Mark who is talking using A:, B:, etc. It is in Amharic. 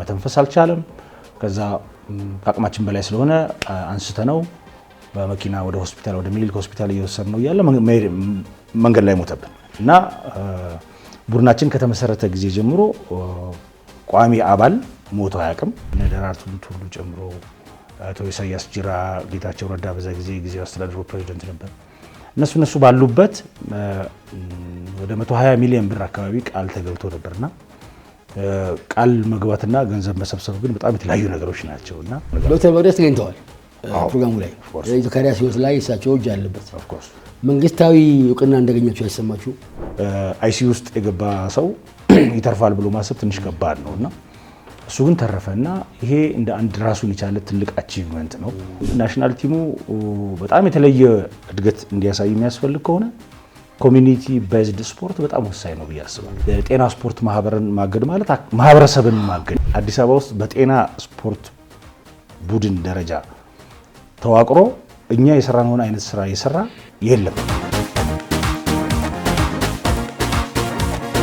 A: መተንፈስ አልቻለም። ከዛ ከአቅማችን በላይ ስለሆነ አንስተ ነው በመኪና ወደ ሆስፒታል ወደ ሚኒሊክ ሆስፒታል እየወሰድ ነው እያለ መንገድ ላይ ሞተብን እና ቡድናችን ከተመሰረተ ጊዜ ጀምሮ ቋሚ አባል ሞቶ አያውቅም። ደራርቱን ቱሉ ጨምሮ አቶ ኢሳያስ ጅራ፣ ጌታቸው ረዳ በዛ ጊዜ ጊዜያዊ አስተዳደሩ ፕሬዚደንት ነበር። እነሱ እነሱ ባሉበት ወደ 120 ሚሊዮን ብር አካባቢ ቃል ተገብቶ ነበርና ቃል መግባትና ገንዘብ መሰብሰብ ግን በጣም የተለያዩ ነገሮች ናቸው እና
B: ዶክተር መቅደስ ተገኝተዋል ፕሮግራሙ ላይ የዘካሪያስ ሕይወት ላይ እሳቸው እጅ አለበት። መንግስታዊ እውቅና እንዳገኛቸው ያሰማችሁ
A: አይሲ ውስጥ የገባ ሰው ይተርፋል ብሎ ማሰብ ትንሽ ከባድ ነው እና እሱ ግን ተረፈ እና ይሄ እንደ አንድ ራሱን የቻለ ትልቅ አቺቭመንት ነው። ናሽናል ቲሙ በጣም የተለየ እድገት እንዲያሳይ የሚያስፈልግ ከሆነ ኮሚኒቲ ቤዝድ ስፖርት በጣም ወሳኝ ነው ብዬ አስባለሁ። የጤና ስፖርት ማህበርን ማገድ ማለት ማህበረሰብን ማገድ። አዲስ አበባ ውስጥ በጤና ስፖርት ቡድን ደረጃ ተዋቅሮ እኛ የሰራነውን አይነት ስራ የሰራ የለም።